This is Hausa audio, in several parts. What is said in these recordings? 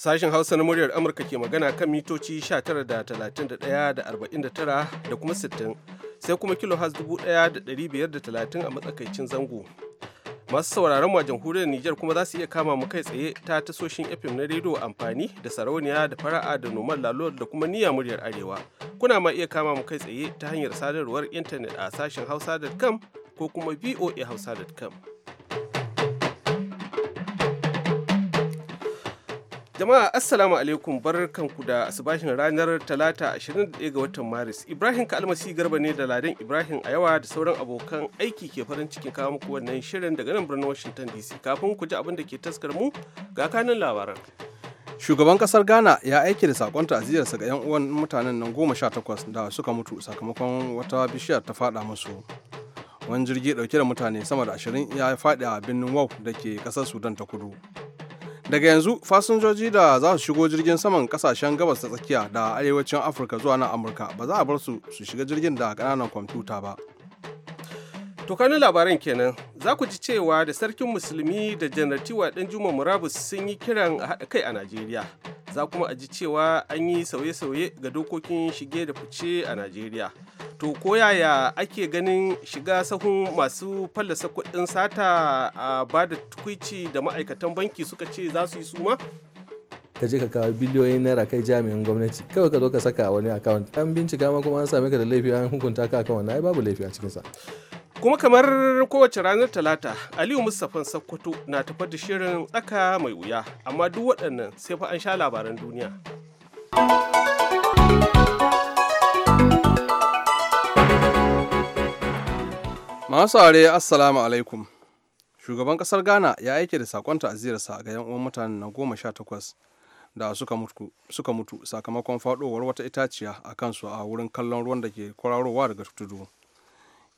Sashen Hausa na muryar Amurka ke magana kan mitoci 19 da 31 da 49 da kuma 60 sai kuma kilohaz 1530 a matsakaicin zango. Masu sauraron a jamhuriyar Nijar kuma za su iya kama mu kai tsaye ta tasoshin FM na rediyo amfani da sarauniya da fara'a da noman lalo da kuma niyya muryar arewa. Kuna ma iya kama mu kai tsaye ta hanyar sadarwar intanet a sashen hausa.com ko kuma voa voahausa.com. Jama'a Assalamu alaikum barkanku da asibashin ranar Talata 21 ga watan Maris. Ibrahim ka almasi Garba ne da Ladan Ibrahim a yawa da sauran abokan aiki ke farin cikin kawo muku wannan shirin daga nan birnin Washington DC. Kafin ku ji abin da ke taskar mu ga kanin labaran. Shugaban kasar Ghana ya aiki da sakon sa ga 'yan uwan mutanen nan goma sha takwas da suka mutu sakamakon wata bishiya ta fada musu. Wani jirgi dauke da mutane sama da ashirin ya faɗi a birnin Wau da ke kasar Sudan ta kudu. daga yanzu fasinjoji da za su shigo jirgin saman kasashen gabas ta tsakiya da arewacin afirka zuwa nan amurka ba za a bar su su shiga jirgin da kananan kwamfuta ba To kanin labaran kenan za ku ji cewa da sarkin musulmi da janartiwa ɗan juma murabus sun yi kiran a haɗa kai a Najeriya. Za kuma a ji cewa an yi sauye-sauye ga dokokin shige da fice a Najeriya. To ko yaya ake ganin shiga sahun masu fallasa kuɗin sata a ba da tukwici da ma'aikatan banki suka ce za su yi suma? ka je ka kawo biliyoyin naira kai jami'in gwamnati kawai ka zo ka saka wani akawunt an bincika ma kuma an same ka da laifi an hukunta ka akan ai babu laifi a cikinsa. kuma kamar kowace ranar talata aliyu mustapha sakkwato na tafar da shirin tsaka mai wuya amma duk waɗannan sai fa an sha labaran duniya masu are assalamu alaikum shugaban ƙasar ghana ya aike da sakon ta'aziyarsa ga yan uwan mutanen na goma sha takwas da suka mutu, sakamakon faɗowar wata itaciya a kansu a wurin kallon ruwan da ke kwararowa daga tudu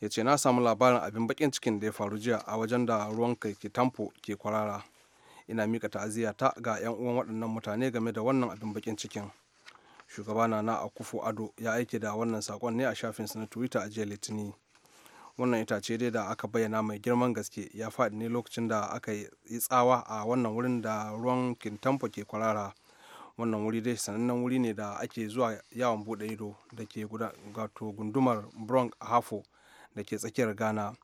ya ce na samu labarin abin bakin cikin da ya faru jiya a wajen da ruwan kai ke tamfo ke kwarara ina mika ta'aziyya ta ga 'yan uwan waɗannan mutane game da wannan abin bakin cikin shugaba na na akufo ado ya aike da wannan sakon ne a shafinsa na twitter a jiya litinin wannan itace dai da aka bayyana mai girman gaske ya faɗi ne lokacin da aka yi tsawa a wannan wurin da ruwan kintampo ke kwarara wannan wuri dai sanannen wuri ne da ake zuwa yawon buɗe ido da ke gundumar bronx a hafo da ke tsakiyar ghana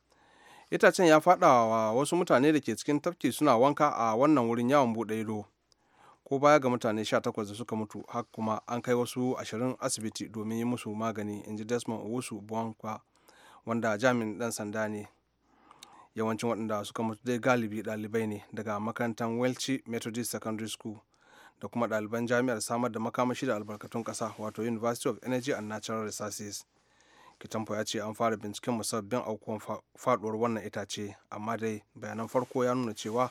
itacen ya faɗa wa wasu mutane da ke cikin tafki suna wanka a wannan wurin yawon bude ido ko baya ga mutane takwas da suka mutu har kuma an kai wasu ashirin asibiti domin yi musu magani in ji desmond owusu buwankwa wanda jami'in dan sanda ne yawancin waɗanda suka mutu dai galibi ɗalibai ne daga makarantar welchi methodist secondary school da kuma ɗaliban jami'ar samar da makamashi da albarkatun ƙasa wato university of energy and natural resources Kitamfa ya ce an fara binciken musabbin aukuwar faduwar wannan itace, amma dai bayanan farko ya nuna cewa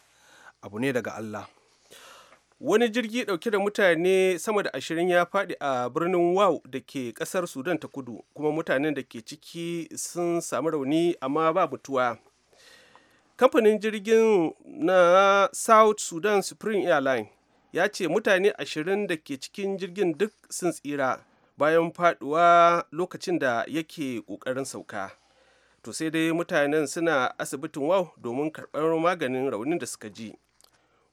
abu ne daga Allah. Wani jirgi dauke da mutane sama da ashirin ya fadi a birnin Wow da ke kasar Sudan ta kudu, kuma mutanen da ke ciki sun samu rauni amma ba mutuwa. Kamfanin jirgin na South Sudan Spring Airline ya ce mutane ashirin da ke cikin jirgin duk sun tsira. bayan faduwa lokacin da yake ƙoƙarin sauka to sai dai mutanen suna asibitin wau domin karɓar maganin raunin da suka ji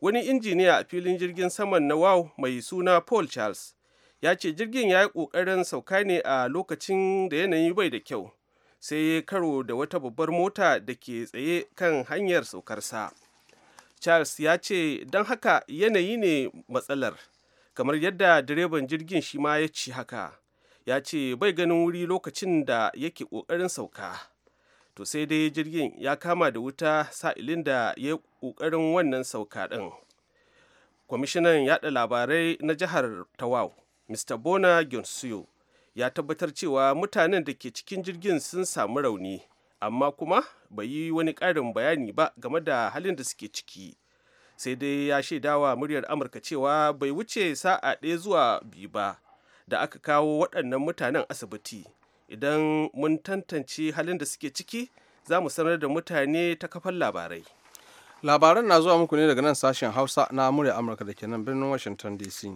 wani injiniya a filin jirgin saman na wau mai suna paul charles ya ce jirgin ya yi ƙoƙarin sauka ne a lokacin da yanayi bai da kyau sai ya karo da wata babbar mota da ke tsaye kan hanyar saukarsa charles ya ce don haka yanayi ne matsalar kamar yadda direban jirgin shi ma ya ci haka ya ce bai ganin wuri lokacin da yake ƙoƙarin sauka to sai dai jirgin ya kama da wuta sa'ilin da ya ƙoƙarin wannan sauka ɗin kwamishinan yaɗa labarai na jihar tawau mr bona gyonsuyo ya tabbatar cewa mutanen da ke cikin jirgin sun samu rauni amma kuma bai yi wani ƙarin bayani ba game da halin da suke ciki sai dai ya shaidawa muryar amurka cewa bai wuce sa'a ɗaya zuwa biyu ba da aka kawo waɗannan mutanen asibiti idan mun tantance halin da suke ciki za mu sanar da mutane ta kafar labarai labaran na zuwa muku ne daga nan sashen hausa na murya amurka da ke birnin washington dc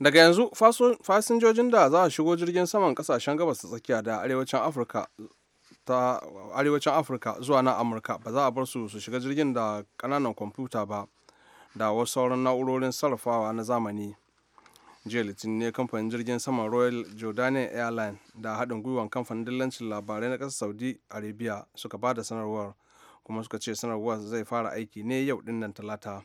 daga yanzu fasinjojin da za a shigo jirgin saman kasashen gabas ta tsakiya da arewacin afirka zuwa na amurka ba za a bar su su shiga jirgin da kananan kwamfuta ba da wasu sauran na'urorin sarrafawa na zamani jiya litinin ne kamfanin jirgin saman royal jordanian airline da haɗin gwiwan kamfanin dillancin labarai na ƙasar saudi arabia suka ba da sanarwar kuma suka ce sanarwar zai fara aiki ne yau dinnan talata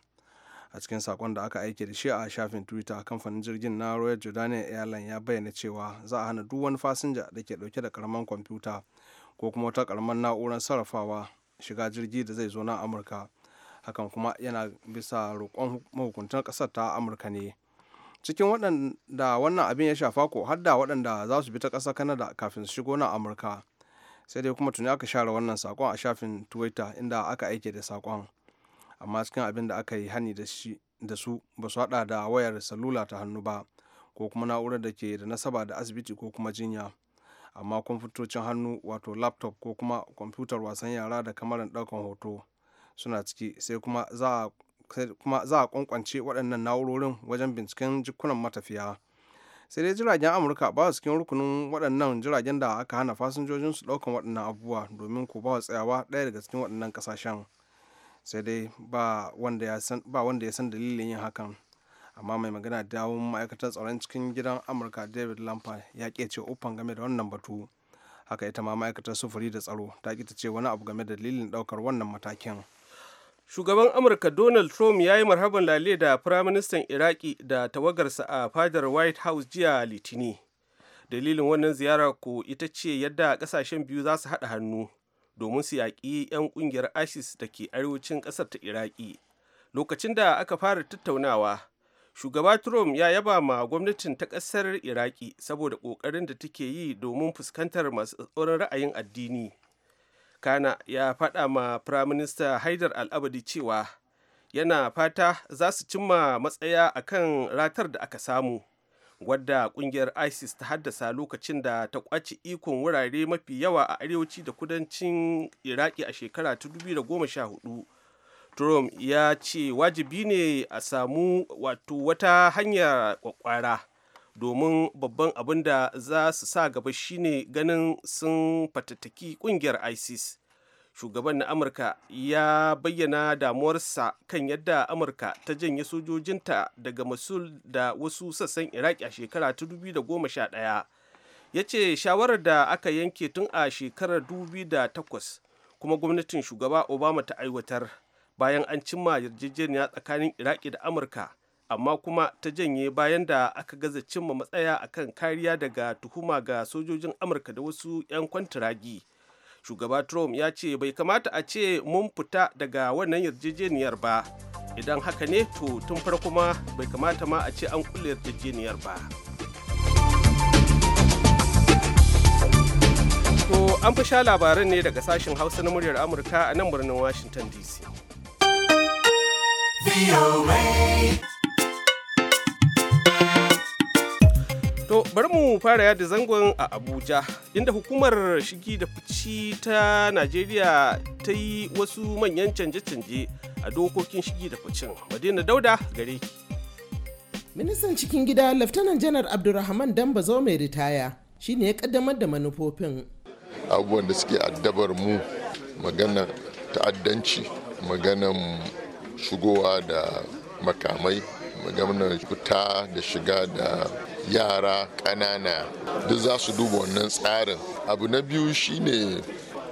a cikin sakon da aka aike da shi a shafin twitter kamfanin jirgin na royal jordanian airline ya bayyana cewa za a hana duk wani fasinja da ke dauke da karaman kwamfuta ko kuma wata karamar na'urar sarrafawa shiga jirgi da zai zo na amurka hakan kuma yana bisa roƙon mahukuntan ƙasar ta amurka ne cikin waɗanda wannan abin ya shafa ko har da waɗanda za su bi ta ƙasar kanada kafin su shigo na amurka sai dai kuma tuni aka share wannan sakon a shafin twitter inda aka aike da sakon amma cikin abin da aka yi hani da su ba su hada da wayar salula ta hannu ba ko kuma na'urar da ke da nasaba da asibiti ko kuma jinya amma kwamfutocin hannu wato laptop ko kuma kwamfutar wasan yara da kamarin ɗaukan hoto suna ciki sai kuma za a kwankwance waɗannan na'urorin wajen binciken jikunan matafiya sai dai jiragen amurka ba su cikin rukunin waɗannan jiragen da aka hana fasinjojin su ɗaukan waɗannan abubuwa domin ku ba tsayawa ɗaya daga cikin waɗannan ƙasashen sai dai ba wanda ya san dalilin yin hakan amma mai magana da yawon ma'aikatar tsaron cikin gidan amurka david lampa ya ke ce uffan game da wannan batu haka ita ma ma'aikatar sufuri da tsaro ta ta ce wani abu game da dalilin daukar wannan matakin shugaban amurka donald trump ya yi marhaban lale da firaministan iraki da tawagarsa a fadar white house jiya litini dalilin wannan ziyara ko ita ce yadda kasashen biyu za su haɗa hannu domin su yaƙi 'yan ƙungiyar isis da ke arewacin ƙasar ta iraki lokacin da aka fara tattaunawa shugaba trump ya yaba ma gwamnatin ta ƙasar iraki saboda ƙoƙarin da take yi domin fuskantar masu tsoron ra'ayin addini kana ya faɗa ma firaminista haidar al'abadi cewa yana fata za su cimma matsaya akan ratar da aka samu wadda kungiyar isis ta haddasa lokacin da ta kwace ikon wurare mafi yawa a arewaci da kudancin iraki a shekara ta 2014 trump ya ce wajibi ne a samu wato wata hanyar kwakwara domin babban abin da za su sa gaba shine ganin sun fatattaki kungiyar isis shugaban na amurka ya bayyana damuwarsa kan yadda amurka ta janye sojojinta daga masul da wasu sassan iraki a shekara ta 2011 ya ce shawarar da aka yanke tun a shekarar 2008 kuma gwamnatin shugaba obama ta aiwatar bayan an cimma yarjejeniya tsakanin iraki da amurka amma kuma ta janye bayan da aka gaza cimma matsaya akan kariya daga tuhuma ga sojojin amurka da wasu 'yan kwantiragi shugaba trump ya ce bai kamata a ce mun fita daga wannan yarjejeniyar ba idan haka ne to tun farko ma bai kamata ma a ce an kulle yarjejeniyar ba to an fi sha labaran ne daga sashen hausa na muryar amurka a nan birnin washington dc To bari mu fara yada zangon a Abuja inda hukumar shigi da fici ta Najeriya ta yi wasu manyan canje-canje a dokokin shigi da ficin. Madina Dauda gare Ministan cikin gida Laftanan Janar Abdulrahman Dambazo mai ritaya shi ne ya kaddamar da manufofin. Abubuwan da suke addabar mu magana ta'addanci, maganan shigowa da makamai, magana fita da shiga da yara ƙanana duk za su duba wannan tsarin abu na biyu shine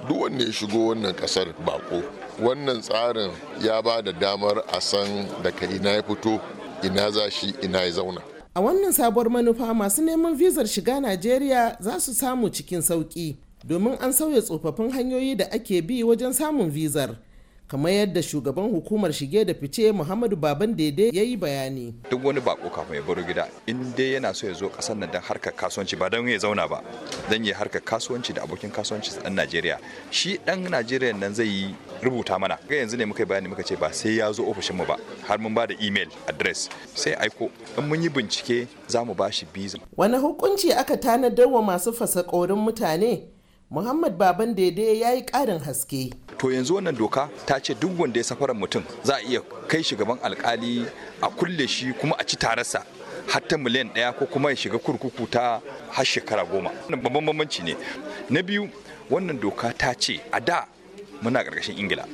duk wanda ya shigo wannan ƙasar bako wannan tsarin ya ba da damar a san daga ina ya fito ina za shi ina ya zauna a wannan sabuwar manufa masu neman vizar shiga najeriya za su samu cikin sauki domin an sauya tsofaffin hanyoyi da ake bi wajen samun vizar kamar yadda shugaban hukumar shige da fice muhammadu baban daidai ya yi bayani duk wani bako kafin ya baro gida in dai yana so ya zo kasar nan don harkar kasuwanci ba don ya zauna ba don ya harkar kasuwanci da abokin kasuwanci dan najeriya shi dan najeriya nan zai yi rubuta mana ga yanzu ne muka bayani muka ce ba sai ya zo ofishin mu ba har mun ba da email address sai aiko in mun yi bincike za mu ba shi visa wani hukunci aka tanadar wa masu fasa mutane Muhammad Baban Dede ya yi ƙarin haske. To yanzu wannan doka ta ce duk wanda ya safarar mutum za a iya kai shi gaban alkali a kulle shi kuma a ci tararsa hatta miliyan ɗaya ko kuma ya shiga kurkuku ta har shekara goma. Wannan babban bambanci ne. Na biyu wannan doka ta ce a da muna ƙarƙashin Ingila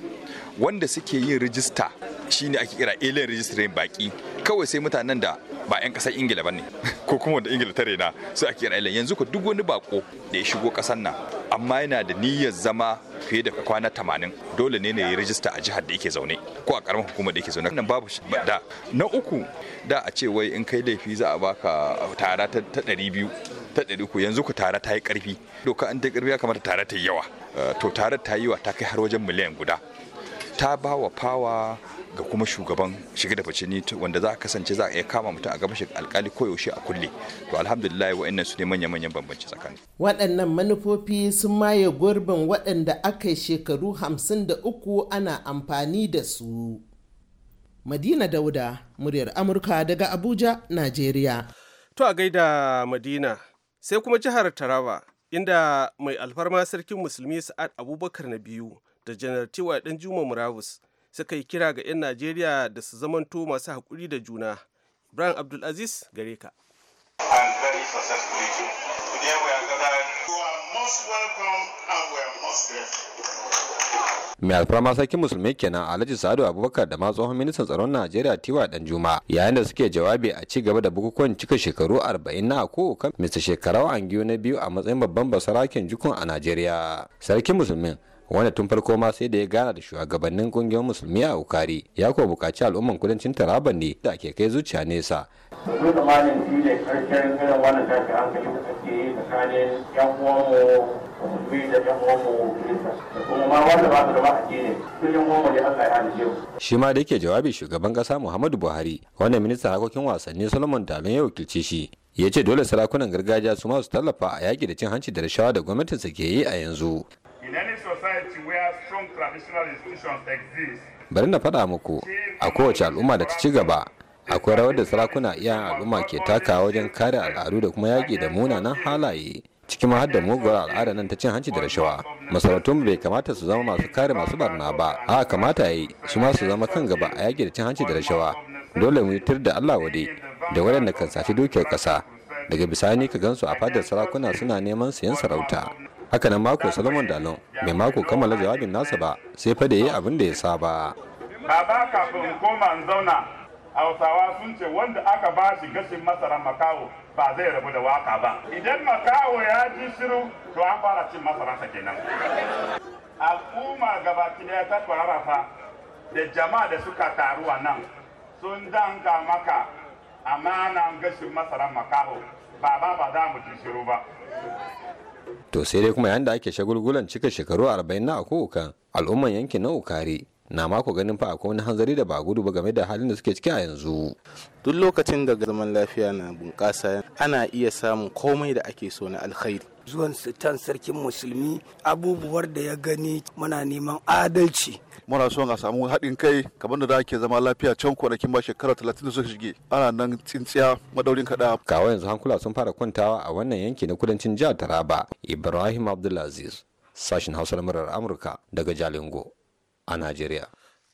wanda suke yin rijista shine ake kira alien registering baki kawai sai mutanen da ba 'yan kasar ingila ba ne ko kuma wanda ingila ta rena sai ake kira alien yanzu ko duk wani bako da ya shigo kasar nan amma yana da niyyar zama fiye da kwana tamanin dole ne ne ya rijista a jihar da yake zaune ko a karamar hukumar da yake zaune nan babu shi da na uku da a ce wai in kai laifi za a baka tara ta ɗari biyu ta ɗari ku yanzu ku tara ta yi ƙarfi doka an ta ƙarfi ya kamata tara ta yi yawa eh, to tara ta yi wa ta kai har wajen miliyan guda ta ba wa fawa ga kuma shugaban shiga da fice wanda za a kasance za a iya kama mutum a gaban alkali yaushe a kulle to alhamdulillah wa'annan su ne manya-manyan bambanci tsakani waɗannan manufofi sun maye gurbin waɗanda aka yi shekaru hamsin da uku ana amfani da su madina dauda muryar amurka daga abuja najeriya to a gaida madina sai kuma jihar taraba inda mai alfarma sarkin musulmi sa'ad abubakar na biyu da janar tiwa dan juma murabus suka yi kira ga 'yan najeriya da su zamanto masu haƙuri da juna ibrahim abdulaziz gare ka mai alfarma sarkin musulmi kenan alhaji sadu abubakar da ma tsohon ministan tsaron najeriya tiwa danjuma yayin da suke jawabi a ci gaba da bukukuwan cika shekaru 40 na ako kan mr shekarau angiyo na biyu a matsayin babban basarakin jukun a najeriya sarkin musulmin wanda tun farko ma sai da ya gana da shugabannin kungiyar musulmi a ukari ya kuwa bukaci al'umman kudancin taraban ne da ke kai zuciya nesa shi ma da ya shi da yake jawabi shugaban kasa Muhammadu Buhari wannan ministan harkokin wasanni Solomon Dalon ya wakilce shi ya ce dole sarakunan gargajiya su masu tallafa a yaƙi da cin hanci da rashawa da gwamnatinsa ke yi a yanzu bari na faɗa muku a kowace al'umma da ta ci gaba akwai rawar da sarakuna iyayen al'umma ke takawa wajen kare al'adu da kuma yaƙi da munanan halaye cikin har da muguwar al'ada nan ta cin hanci da rashawa masarautun bai kamata su zama masu kare masu barna ba a kamata yi su ma su zama kan gaba a yaƙi da cin hanci da rashawa dole mu yitar da allah wade da waɗanda kan safi dukiyar ƙasa daga bisani ka gansu a fadar sarakuna suna neman sayan sarauta haka nan mako salomon dalon mai mako kammala jawabin nasa ba sai fa da yi abin da ya saba baba kafin koma in zauna hausawa sun ce wanda aka ba shi gashin masara makawo ba zai rabu da waka ba idan makawo ya ji shiru to an fara cin masara masararsa kenan al'umma gabaki daya ta kwararrafa da jama'a da suka taru nan sun danka maka amanan gashin masaran makaho ba ba za mu ci shiru ba to sai dai kuma yanda ake shagulgulan cika shekaru 40 na akuka al'umman yankin na ukari na mako ganin fa akwai wani hanzari da ba gudu ba game da halin da suke ciki a yanzu duk lokacin da zaman lafiya na bunƙasa ana iya samun komai da ake so na alkhairi zuwan sultan sarkin musulmi abubuwar da ya gani muna neman adalci muna son a samu haɗin kai kamar da ake zama lafiya can kwanakin ba shekara talatin da suka shige ana nan tsintsiya madaurin kaɗa kawo yanzu hankula sun fara kwantawa a wannan yanki na kudancin jihar taraba ibrahim abdulaziz sashin hausa na murar amurka daga jalingo a najeriya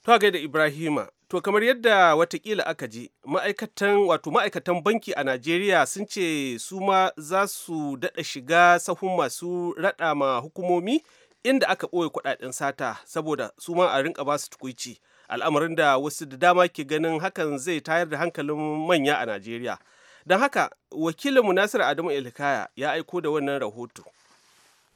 to gaida ibrahima to kamar yadda watakila aka ji ma'aikatan wato ma'aikatan banki a najeriya sun ce su ma za su daɗa shiga sahun masu raɗa ma hukumomi inda aka ɓoye kuɗaɗen sata saboda su ma a rinka ba su tukuici al'amarin da wasu da dama ke ganin hakan zai tayar da hankalin manya a najeriya don haka wakilinmu nasiru adamu ilkaya ya aiko da wannan rahoto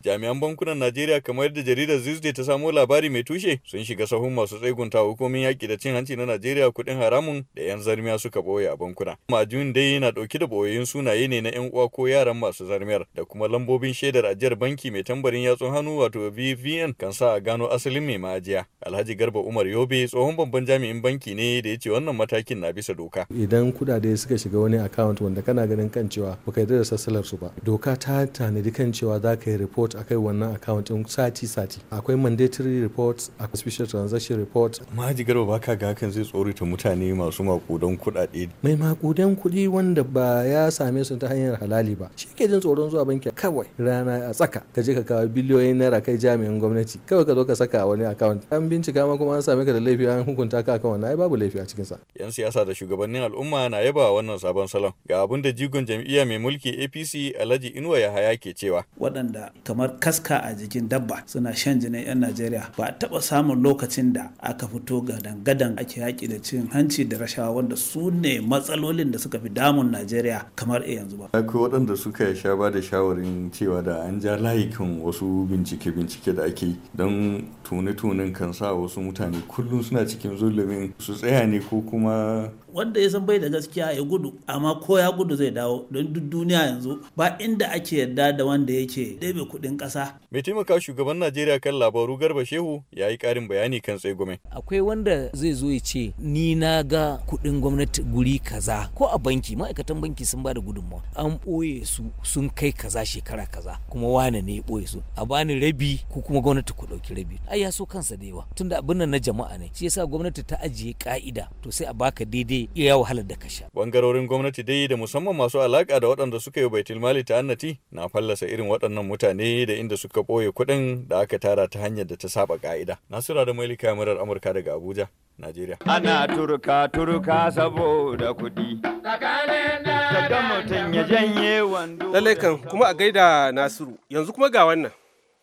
jami'an bankunan Najeriya kamar yadda jaridar Zizde ta samo labari mai tushe sun shiga sahun masu tsegunta hukumin yaƙi da cin hanci na Najeriya kuɗin haramun da 'yan zarmiya suka ɓoye a bankuna. Majun dai yana ɗauke da ɓoyayyun sunaye ne na 'yan uwa ko yaran masu zarmiyar da kuma lambobin shaidar ajiyar banki mai tambarin yatsun hannu wato VVN kan sa a gano asalin mai ma'ajiya. Alhaji Garba Umar Yobe tsohon babban jami'in banki ne da ya ce wannan matakin na bisa doka. Idan kuɗaɗe suka shiga wani account wanda kana ganin kan cewa baka yarda da sassalar su ba doka ta tanadi kan cewa za ka yi report report akai wannan account din sati sati akwai mandatory reports akwai special transaction report maji garba baka ga hakan zai tsorata mutane masu makudan kuɗaɗe mai makudan kuɗi wanda ba ya same su ta hanyar halali ba shi ke jin tsoron zuwa banki kawai rana a tsaka ka je ka kawo biliyoyin naira kai jami'in gwamnati kawai ka zo ka saka wani account an bincika ma kuma an same ka da laifi an hukunta ka akan wannan ai babu laifi a cikin sa yan siyasa da shugabannin al'umma na yaba wannan sabon salon ga abin da jigon jam'iyya mai mulki APC Alhaji Inuwa Yahaya ke cewa waɗanda kamar kaska a jikin dabba suna shan jinin 'yan najeriya ba a taɓa samun lokacin da aka fito gadan-gadan ake yaki da cin hanci da rashawa wanda su ne matsalolin da suka fi damun najeriya kamar a yanzu ba akwai waɗanda suka sha ba da shawarin cewa da an ja layikan wasu bincike-bincike da ake don tuni tunin kan sa wasu mutane kullum suna cikin zulumin su tsaya ne ko kuma wanda ya san bai da gaskiya ya gudu amma ko ya gudu zai dawo don duk duniya yanzu ba inda ake yarda da wanda yake ɗebe kuɗi ɗin ƙasa. Mai taimaka shugaban Najeriya kan labaru Garba Shehu ya yi karin bayani kan tsegume. Akwai wanda zai zo ya ce ni na ga kuɗin gwamnati guri kaza ko a banki ma'aikatan banki sun ba da gudunmawa an ɓoye su sun kai kaza shekara kaza kuma wane ne ya su a bani rabi ko kuma gwamnati ku ɗauki rabi ai ya so kansa da yawa tunda abin nan na jama'a ne shi yasa gwamnati ta ajiye ka'ida to sai a baka daidai iya wahalar da ka sha. Bangarorin gwamnati dai da musamman masu alaka da waɗanda suka yi baitulmali ta annati na fallasa irin waɗannan mutane daidai da inda suka ɓoye kuɗin da aka tara ta hanyar da ta saba ka'ida. Nasura da Mailika murar Amurka daga Abuja, Najeriya. Ana turka turka saboda kuɗi. Daga mutum ya janye wando. Lallai kan kuma a gaida Nasiru yanzu kuma ga wannan.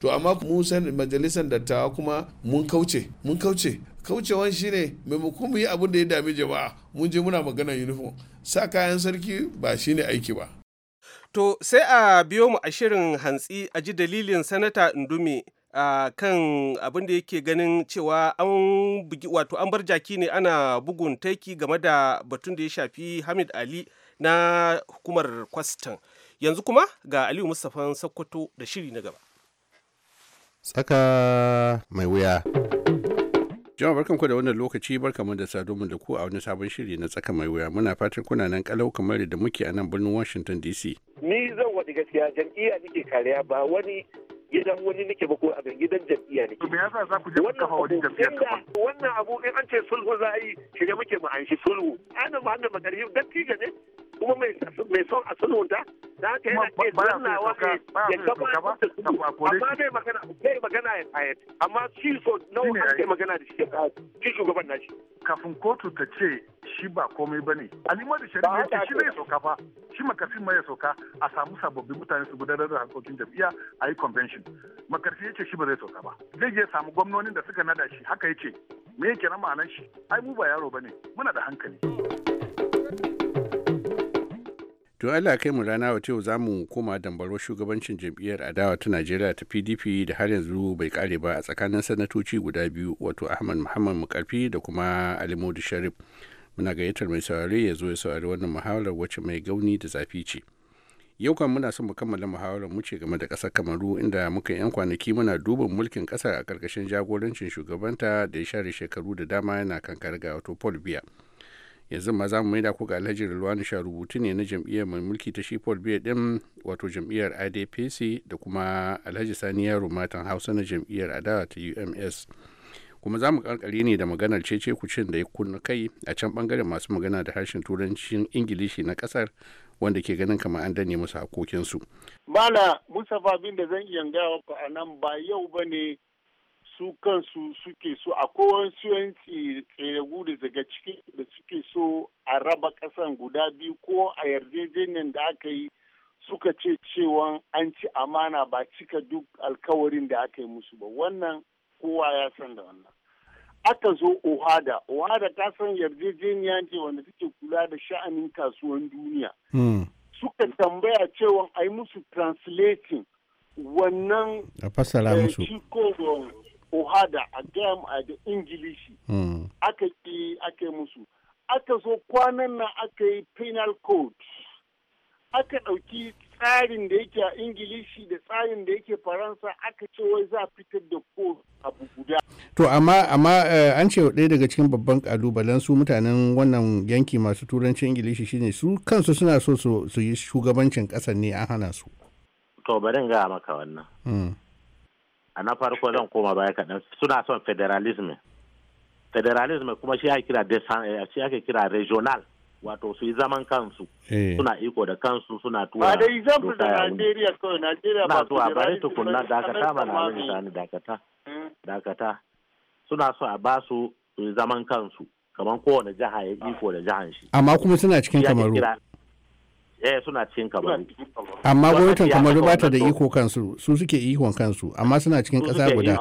To amma musan majalisar dattawa kuma mun kauce, mun kauce. Kaucewan shine maimakon mu yi abin da ya dami jama'a mun je muna magana uniform. Sa kayan sarki ba shine aiki ba. To sai a biyo mu a shirin hantsi a ji dalilin sanata Ndumi a kan abin da yake ganin cewa an bugi wato an bar jaki ne ana bugun taiki game da batun da ya shafi Hamid Ali na hukumar kwastan. Yanzu kuma ga Aliyu Mustapha Sokoto da shiri na gaba. Tsaka mai wuya. Jama'a barkanku da wannan lokaci barkamu da saduwa da ku a wani sabon shiri na tsaka mai wuya muna fatan kuna nan kalau kamar da muke a nan birnin Washington DC. Ni zan waɗi gaskiya jam'iyya nake kariya ba wani gidan wani nake ba ko a gidan jam'iyya ne. Me yasa za ku je ku kafa wani jam'iyyar ba? Wannan abu in an ce sulhu za a yi ne muke mu an shi sulhu. Ana Muhammad Magarhi dattijo ne kuma mai son a sulhunta da haka yana iya zannawa ne ya gaba da su amma bai magana bai magana ya tayar amma shi so nawa ake magana da shi ya tayar shi shugaban nashi. Kafin kotu ta ce shi ba komai ba ne alima da shari'a yake shi bai sauka fa shi makarfin ma ya sauka a samu sababbin mutane su gudanar da harkokin jam'iyya a yi convention makarfi yace shi ba zai sauka ba zai je samu gwamnonin da suka nada shi haka ya ce me yake na ma'anar shi ai mu ba yaro ne muna da hankali to Allah kai mu rana wato za mu koma dambaro shugabancin jam'iyyar adawa ta Najeriya ta PDP da har yanzu bai kare ba a tsakanin sanatoci guda biyu wato Ahmad Muhammad Mukarfi da kuma Alimudu Sharif muna gayyatar mai saurare ya zo ya saurari wannan muhawarar wacce mai gauni da zafi ce yau kan muna son mu kammala muhawarar mu ce game da kasar kamaru inda muka yan kwanaki muna duba mulkin ƙasar a ƙarƙashin jagorancin shugabanta da ya share shekaru da dama yana kankar ga wato paul biya yanzu ma za mu maida ku ga alhaji rilwani sha rubutu ne na jam'iyyar mai mulki ta shi paul biya din wato jam'iyyar idpc da kuma alhaji sani yaro matan hausa na jam'iyyar adawa ta ums kuma za mu karkare ne da maganar cece kucin da ya kunna kai a can bangaren masu magana da harshen turancin ingilishi na kasar wanda ke ganin kamar an dane musu hakokinsu. Bala Mustapha bin da zan iya gaya ku a nan ba yau ba ne su kansu suke so a kowansu suyanci tseragu da daga cikin da suke so a raba kasan guda biyu ko a yarjejeniyar da aka yi suka ce cewa an ci amana ba cika duk alkawarin da aka yi musu ba wannan kowa ya san da wannan aka zo ohada ohada ta san yarjejeniya ce wanda suke kula da sha'anin kasuwan duniya hmm. suka tambaya cewa ai musu translating wannan a fassara eh, musu ohada a gam a da ingilishi hmm. aka yi aka yi musu aka zo kwanan nan aka yi penal code aka ɗauki tsarin da yake a ingilishi da tsarin da yake faransa aka ce wai za a fitar da ko abu guda to amma amma eh, an ce ɗaya daga cikin babban kalubalen su mutanen wannan yanki masu turancin ingilishi shine su kansu suna so su yi shugabancin ƙasar ne an hana su to bari ga maka wannan hmm. a na farko zan koma baya kaɗan suna son federalism federalism kuma shi ake kira eh, regional wato su yi zaman kansu eh. suna iko da kansu suna tura ba da example da Najeriya kawai Najeriya ba su bari tukunna dakata ba na wani sani dakata hmm. dakata suna so a ba su su yi zaman kansu kamar kowane jiha ya iko da jihan shi amma kuma suna cikin kamaru eh suna cikin kamaru amma gwamnatin kamaru ba ta da iko kansu su suke ikon kansu amma suna cikin kasa guda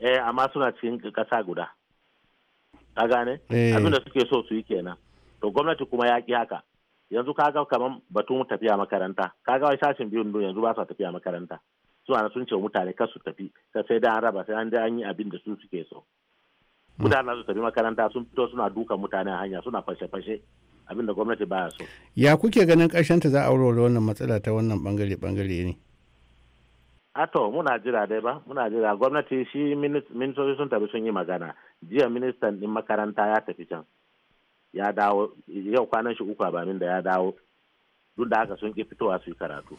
eh amma suna cikin kasa guda ka gane eh. abinda suke so su yi kenan to gwamnati kuma ya ki haka yanzu kaga kamar batun tafiya makaranta kaga wai sashen biyun dun yanzu ba sa tafiya makaranta suna sun ce mutane kar su tafi sai da an raba sai an je an yi abin da su suke so na su tafi makaranta sun fito suna dukan mutane a hanya suna fashe-fashe abin da gwamnati baya so ya kuke ganin karshen ta za a warware wannan matsala ta wannan bangare-bangare ne ato muna jira dai ba muna jira gwamnati shi ministoci sun tafi sun yi magana jiya ministan din makaranta ya tafi can ya dawo yau kwanan shi uku abamin da ya dawo duk da haka sun ki fitowa su yi karatu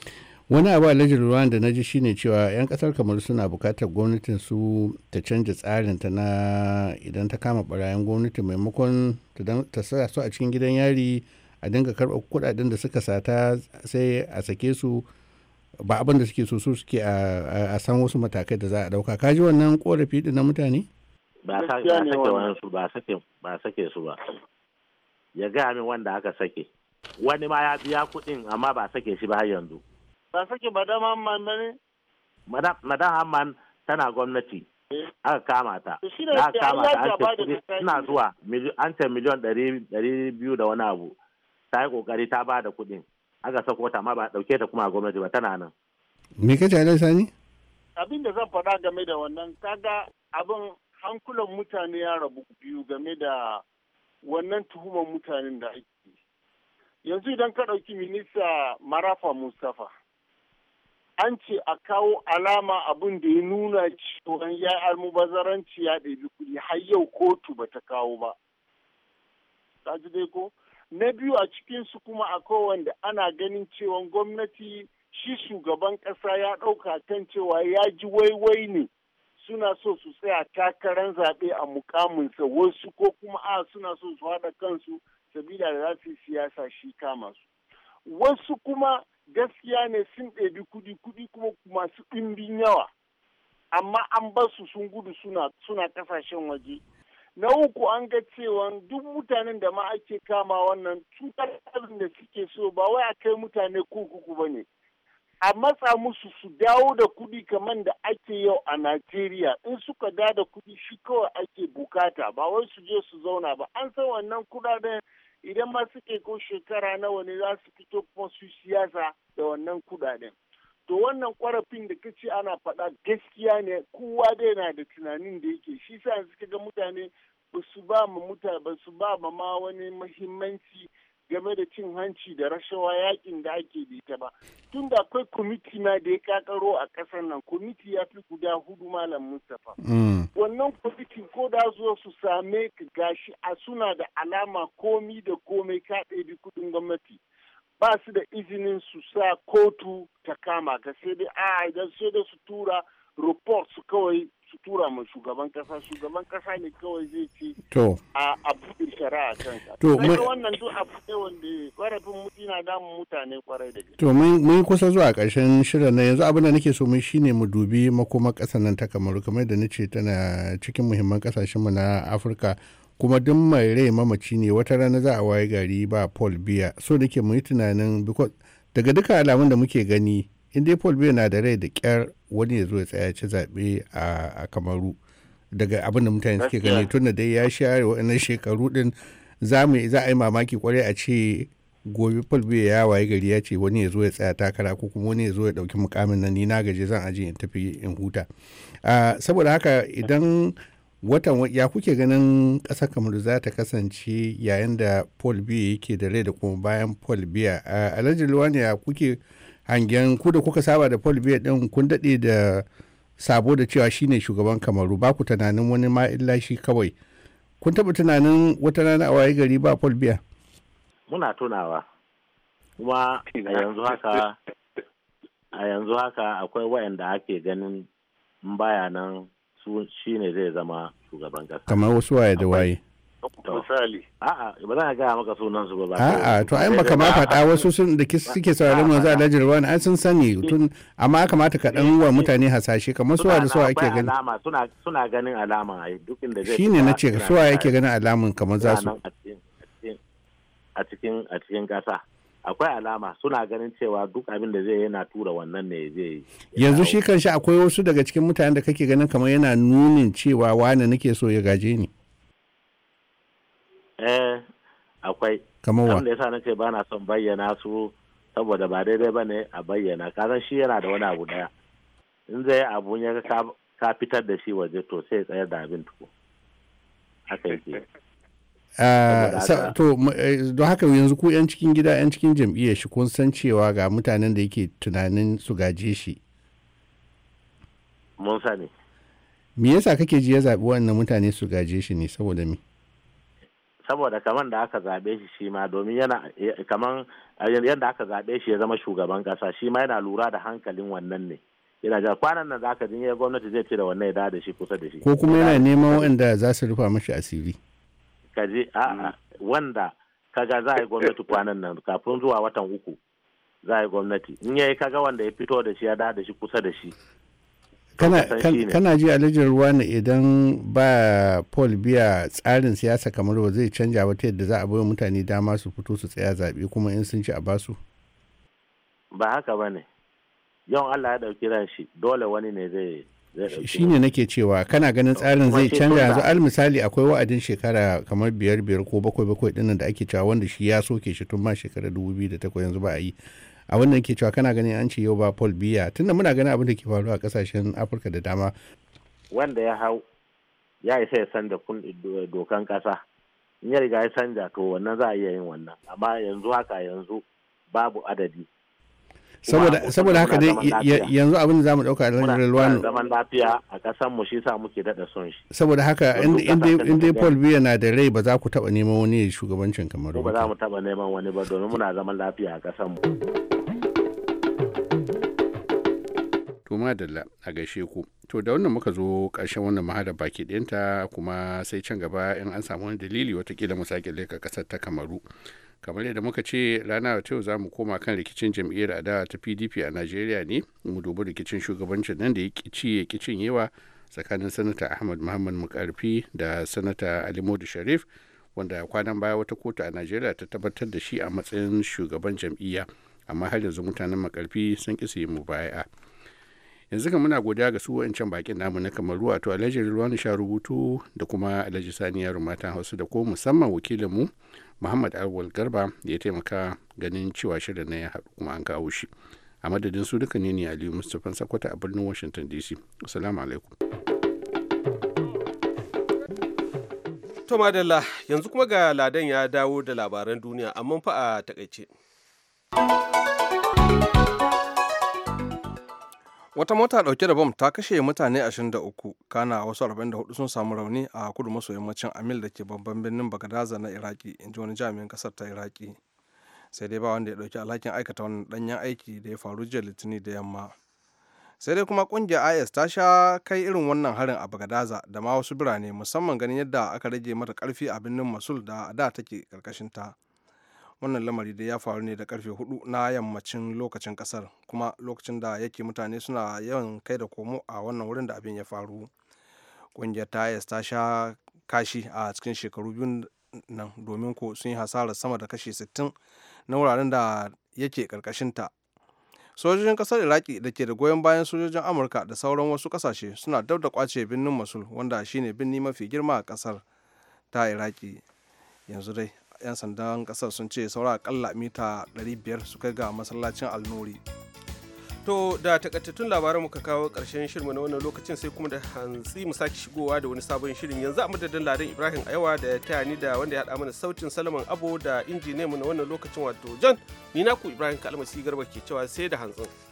wani abu a lajin ruwan da na ji shine cewa 'yan kasar kamar suna bukatar gwamnatin su ta canja tsarin ta na idan ta kama barayin gwamnati maimakon ta sa su a cikin gidan yari a dinga karɓa kuɗaɗen da suka sata sai a sake su ba abin da suke so su suke a san wasu matakai da za a ɗauka ka ji wannan korafi din na mutane ba sake su ba ya gaya min wanda aka sake wani ma ya biya kuɗin amma ba sake shi ba har yanzu ba sake madam hamman na ne madam hamman tana gwamnati eh. aka kama ta aka kama ta an ce suna zuwa an ce miliyon ɗari biyu da wani abu ta yi kokari ta ba da kuɗin aka sako ta amma ba ɗauke ta kuma a gwamnati ba tana nan me kace alai sani abin da zan faɗa game da wannan kaga abin hankulan mutane ya rabu biyu game da wannan tuhumar mutanen da ake yanzu idan ka ɗauki minista marafa mustapha an ce a kawo alama abin da ya nuna cewa ya almubazzaranci ya ɗabi kuɗi har yau kotu ba ta kawo ba ta ji dai ko na biyu a cikinsu kuma akwai wanda ana ganin cewa gwamnati shi shugaban ƙasa ya ɗauka kan cewa ya ji waiwai ne suna so su tsaya takarar zaɓe a mukaminsa wasu ko kuma a suna so su haɗa kansu sabida da za su siyasa shi kama su wasu kuma gaskiya ne sun ɗebi kuɗi kuɗi kuma masu ɗimbin yawa amma an ba su sun gudu suna suna ƙasashen waje na uku an ga cewa duk mutanen da ma ake kama wannan cutar da suke so ba wai a kai mutane kurkuku ba ne a matsa musu su dawo da kuɗi kamar da ake yau a Najeriya in suka da da kuɗi shi kawai ake bukata ba wai su je su zauna ba an san wannan kuɗaɗen idan ma suke ko shekara nawa ne za su fito kuma su siyasa da wannan kuɗaɗen. To wannan kwarafin da kace ana faɗa gaskiya ne kowa dai yana da tunanin da yake shi sa suka ga mutane ba su ba ma mutane ba su ba ma wani muhimmanci game da cin hanci da rashawa yakin da ake da ita ba tun akwai kwamiti na da ya kakaro a kasar nan kwamiti ya fi guda hudu malam mustapha mm. wannan kwamitin ko da zuwa su same ka gashi a suna da alama komi da komai ka ɗebi kudin gwamnati ba su da izinin su sa kotu ta kama ka sai dai a idan sai da su tura report su kawai su tura ma shugaban kasa shugaban kasa ne kawai zai ce a buɗe shari'a to mai wannan duk abu ne wanda ƙwarafin mutu na damun mutane kwarai da to mun yi kusa zuwa ƙarshen shirin na yanzu abin da nake so mun shine mu dubi makoma ƙasar nan ta kamaru kamar da nace tana cikin muhimman mu na afirka kuma duk mai rai mamaci ne wata rana za a waye gari ba paul biya so nake mu yi tunanin daga duka alamun da muke gani in dai paul biya na da rai da kyar wani ya zo ya tsaya ci zaɓe a kamaru daga abin da mutane suke gani tun da dai ya share waɗannan shekaru din za a yi mamaki kwarai a ce gobe paul biya ya waye gari ya ce wani ya zo ya tsaya takara ko kuma wani ya zo ya ɗauki mukamin nan ni na gaje zan aje in tafi in huta saboda haka idan watan ya kuke ganin ƙasar kamaru za ta kasance yayin da paul biya yake da rai da kuma bayan paul biya alhaji luwani ya kuke hangen ku da kuka saba da paul biya din kun dade da sabo da cewa shine shugaban kamaru ba ku tunanin wani ma illa shi kawai kun taba tunanin wata rana a waye gari ba paul biya muna tunawa kuma a yanzu haka a yanzu haka akwai wayanda ake ganin baya nan shi ne zai zama shugaban kasa kamar wasu waye da waye misali a'a ba za a gaya maka sunan su ba a'a to ai baka ma faɗa wasu sun da suke sauraron a a Rawani ai sun sani tun amma kamata ka dan wa mutane hasashe kamar suwa da suwa ake ganin alama ai duk inda zai shine ganin alamun kamar za su a a akwai alama suna ganin cewa duk abin da zai yana tura wannan ne zai yanzu shi kanshi akwai wasu daga cikin mutanen da kake ganin kamar yana nunin cewa wane nake so ya gaje ni eh akwai kamar wa da yasa nake ba na son bayyana su saboda ba daidai ba ne a bayyana ka kasan shi yana da wani abu daya in zai abu ya ka fitar da shi waje to sai tsayar da abin tuku haka yake eh, to eh, don haka yanzu ku 'yan cikin gida 'yan cikin jam'iyyar shi kun san cewa ga mutanen da yake tunanin su gaje shi mun sani me yasa kake ji ya zaɓi wannan mutane su gaje shi ne saboda me saboda kamar da aka zaɓe shi shi ma domin yana eh, kamar eh, yadda aka zaɓe shi ya zama shugaban kasa shi ma yana lura da hankalin wannan ne yana ja kwanan nan zaka jin ya gwamnati zai ce da wannan ya da shi kusa da shi ko kuma yana neman waɗanda za su rufa mashi asiri kaji a'a wanda kaga za a yi gwamnati kwanan nan kafin zuwa watan uku za a yi gwamnati in yayi kaga wanda ya fito da shi ya da da shi kusa da shi kana ji ruwa ne idan ba paul biya tsarin siyasa kamar ba zai canja wata yadda za a bai mutane dama su fito su tsaya zaɓe kuma in sun ci a basu ba haka ba ne yawan allah ya ɗauki ran shi dole wani ne zai shi ne nake cewa kana ganin tsarin zai canja yanzu al misali akwai wa'adin shekara kamar biyar biyar ko bakwai bakwai dinnan da ake cewa wanda shi ya soke shi tun ma shekara dubu biyu da takwas yanzu ba a yi abin da ke cewa kana ganin an ce yau ba paul biya tunda muna ganin abin da ke faruwa a kasashen afirka da dama wanda ya hau ya isa ya sanda kun dokan kasa in ya riga ya sanda to wannan za a iya yin wannan amma yanzu haka yanzu babu adadi saboda haka dai yanzu abin da mu dauka lalwano zaman lafiya a kasan mu shi sa muke dada son shi saboda haka inda Paul Biya na da rai ba za ku taba neman wani shugabancin kamar ba za mu taba neman wani ba domin muna zaman lafiya a kasan mu to dalla a gaishe ku to da wannan muka zo karshen wannan mahada baki ɗinta kuma sai can gaba in an samu wani dalili watakila mu sake leka ƙasar ta kamaru kamar yadda muka ce ranar ta yau za mu koma kan rikicin jam'iyyar adawa ta pdp a najeriya ne mu dubi rikicin shugabancin nan da ya ci ya kicin yawa tsakanin sanata ahmad muhammad mukarfi da sanata ali modu sharif wanda kwanan baya wata kotu a najeriya ta tabbatar da shi a matsayin shugaban jam'iyya amma har yanzu mutanen makarfi sun ƙi su yi yanzu ga muna godiya ga su wa'ancan bakin namu na kamaru wato alhaji ruwan sha rubutu da kuma alhaji sani yaro hausa da ko musamman wakilin mu muhammad alwal garba da ya taimaka ganin cewa shirin na ya haɗu kuma an kawo shi a madadin su duka ne ne aliyu mustapha sakwata a birnin washington dc assalamu alaikum to madalla yanzu kuma ga ladan ya dawo da labaran duniya amma fa a takaice wata mota dauke da bom ta kashe mutane 23 kana wasu 44 sun samu rauni a kudu maso yammacin amil da ke babban birnin bagadaza na iraki in ji wani jami'in kasar ta iraki sai dai ba wanda ya dauki alhakin aikata wannan danyen aiki da ya faru jiya litinin da yamma sai dai kuma kungiyar is ta sha kai irin wannan harin a bagadaza da ma wasu birane musamman ganin yadda aka rage mata karfi a birnin masul da da take karkashin ta wannan lamari da ya faru ne da karfe hudu na yammacin lokacin kasar kuma lokacin da yake mutane suna yawan kai da komo a wannan wurin da abin ya faru ƙungiyar tayas ta sha kashi a cikin shekaru biyu nan domin ko sun yi hasarar sama da kashi 60 na wuraren da yake ta sojojin kasar iraki da ke da goyon bayan sojojin amurka da sauran wasu kasashe suna dab da kwace birnin masul wanda shine birni mafi girma a kasar ta iraki yanzu dai 'yan sandan kasar sun ce saura akalla mita 500 su kai ga masallacin alnuri to da takaitattun labaran muka kawo karshen shirin na wannan lokacin sai kuma da hantsi mu sake shigowa da wani sabon shirin yanzu a madadin ladan ibrahim a da ya taya ni da wanda ya haɗa mana sautin salaman abu da injiniyanmu na wannan lokacin wato john ni naku ibrahim kalmasi garba ke cewa sai da hantsin